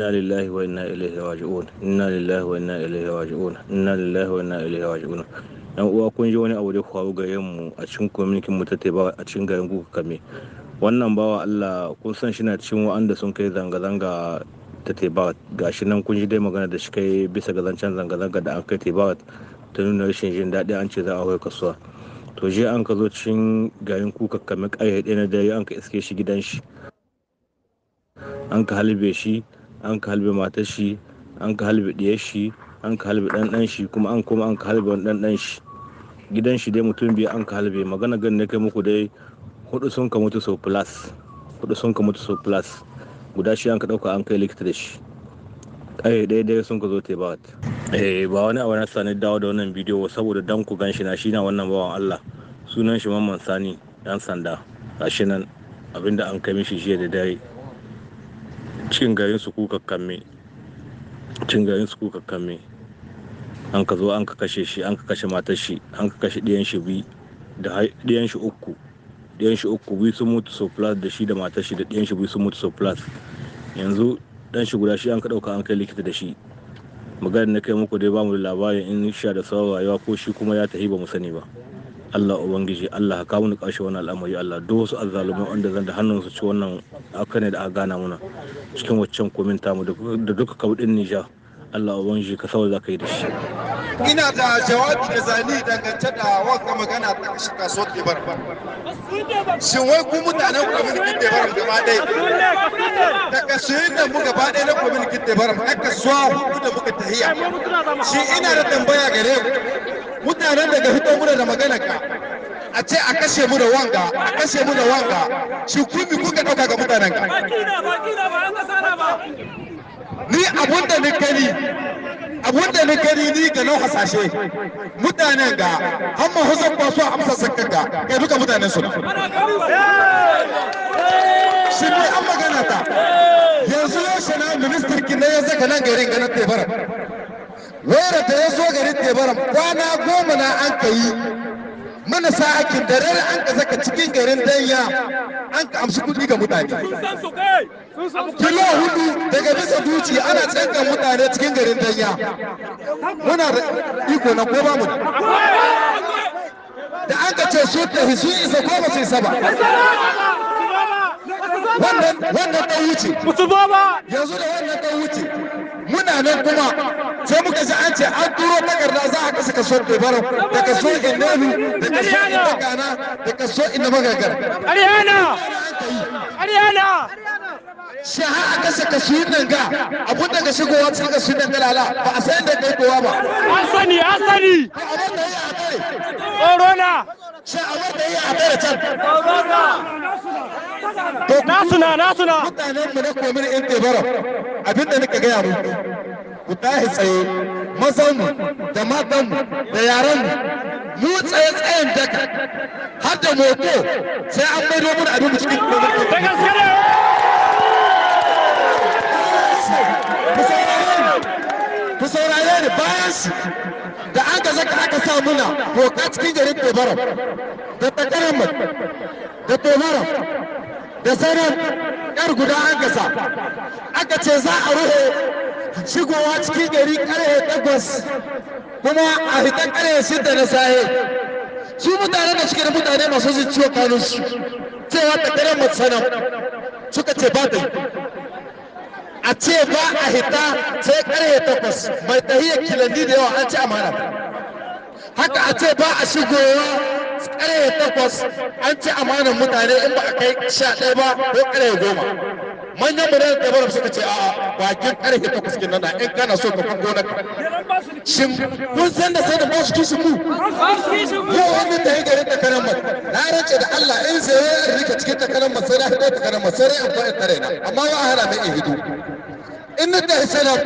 inna lillahi wa inna ilaihi raji'un inna lillahi wa inna ilaihi raji'un inna lillahi wa dan uwa kun ji wani abu da faru garin mu a cikin community mu ta teba a cikin garin kuka kame wannan bawa Allah kun san shi na cikin wa'anda sun kai zanga zanga ta teba gashi nan kun ji dai magana da shi kai bisa ga zancen zanga zanga da an kai teba ta nuna rashin jin daɗi an ce za a hau kasuwa to je an ka zo cikin garin kuka kame ƙarfe na dare an ka iske shi gidan shi an ka halbe shi an ka halbe matar shi an ka halbe diyar shi an ka halbe ɗanɗan shi kuma an kuma an ka halbe wani ɗanɗan shi gidan shi dai mutum biyu an ka halbe magana gan ne kai muku dai hudu sun ka mutu sau plus hudu sun ka mutu sau plus guda shi an ka ɗauka an kai likita da shi kai ɗaya ɗaya sun ka zo te ba eh ba wani abu na sani dawo da wannan bidiyo saboda dan ku gan na shi na wannan bawan Allah sunan shi mamman sani dan sanda gashi nan abinda an kai mishi jiya da dare cin garin su kuka kame an ka zo an ka kashe shi an ka kashe matar shi an ka kashe ɗiyan shi bi da ɗiyan shi uku ɗiyan shi uku bi sun mutu so plus da shi da matar shi da ɗiyan shi bi sun mutu so plus yanzu dan shi guda shi an ka ɗauka an kai likita da shi magana na kai muku dai bamu da labarin in sha da sauran rayuwa ko shi kuma ya tahi ba mu sani ba Allah ubangiji Allah ka kawo ni kashi wannan al'amari Allah duk wasu azzalumai wanda zan da hannun su ci wannan aka ne da aka gana muna cikin waccan kominta mu da duka kabudin Nijar Allah ubangiji ka sawa za ka yi da shi ina da jawabi da zani dangance da wanka magana ta kashi bar Ibar shin wai ku mutanen kwamitin da baram gaba ɗaya da kasuwar da mu gaba ɗaya na kwamitin da baram aka suwa hudu da muka tahiya shi ina da tambaya gare ku mutanen daga hito muna da magana ka a ce a kashe mu da wanga a kashe mu da wanga shi kumi kuka dauka ga mutanen ka ni abun da ni gani abun da ni gani ni ga nau hasashe mutanen ga har ma husan ba su amsa sakkan ga kai duka mutanen su shi ne an magana ta yanzu yau shana ministan ki ne ya zaka nan garin ganin tebara wera da ya zo garin tebaran kwana goma na an ka yi sa ake da an ka saka cikin garin danya an ka amsu kudi ga mutane kilo hudu daga bisa duci ana canza mutane cikin garin danya muna da iko na ko ba mu da an ka ce su ta sun isa ko ba su isa ba wannan ta wuce yanzu da wannan ta wuce muna nan kuma sai muka ji an ce an turo takarda za a kasa kaso dubaro da kaso inabi da kaso inagana da kaso ina magagar ariyana ariyana shi har a kasa kaso nan ga abun da ga shigowa cikin kaso nan galala ba a san da kai kowa ba an sani an sani corona shi a da yi a tare can corona nasuna nasuna mutanen mu na komin in tebara abin da nika gaya muku ku tashi tsaye mazan da matan da yaran mu tsaye tsayen daka har da moto sai an maido mana abin cikin ku saurare ni bayan su da an gaza ka aka sa muna boka cikin garin tebaram da takarar da tebaram da sauran yar guda an gasa aka ce za a ruhe shigowa cikin gari karhe takwas kuma a hitan karhe shida na sahe su mutane da da mutane masu zuciyo kanun su cewa takarar matsanan suka ce ba ta a ce ba a hita sai karhe takwas mai tahiyar kilandi da yawa an ci amana haka a ce ba a shigowa Karaya takwas an ci amanar mutane in ba a kai sha ɗaya ba ko karaya goma manyan birnin tabar suka ce a bakin ƙarfe takwas kin nana in kana so ka kungo na shin kun san da sai da basu kisu ku yau wani ta yi garin takarar mai na rance da Allah in zai yi rika cikin takarar mai sai na hito takarar mai sai in fa'in tare na amma wa hana mai in hito in na ta sanar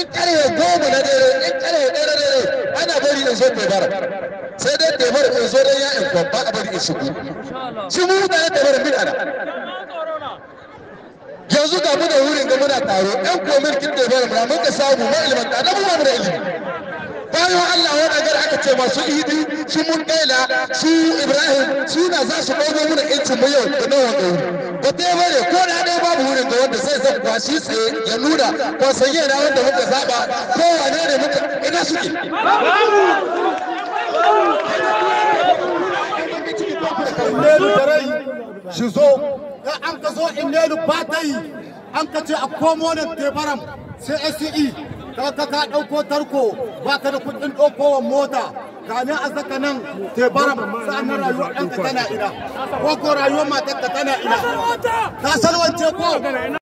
in ƙarfe goma na dare in ƙarfe ɗaya na dare ana bari in zo yi bara sai dai da mara in zo dan ya in babba a bari in shigo shi mu da da tabar bin ana yanzu ga mu da wurin ga muna taro ɗan komir kin da mara mun ka samu ma ilmanta da mu ba mu da ilimi bayan Allah wani agar aka ce masu idi su mun kaila su ibrahim suna za su ɗauko mana incin mu yau da nawa ga ba ta yi bare ko da ɗaya babu wurin ga wanda zai zan kwashi tsaye ya nuna kwasan yana wanda muka zaɓa kowane ne muka ina suke Innelu da rai shi zo, an ka zo ba ta yi, an ka ce a komo nan tefaram sai e. ka ka tarko ba ka da kuɗin ɗaukowar mota. kamin a saka nan tebaram sa'annan rayuwar ɗanka tana ina ko ko rayuwar tana ina ka salwance ko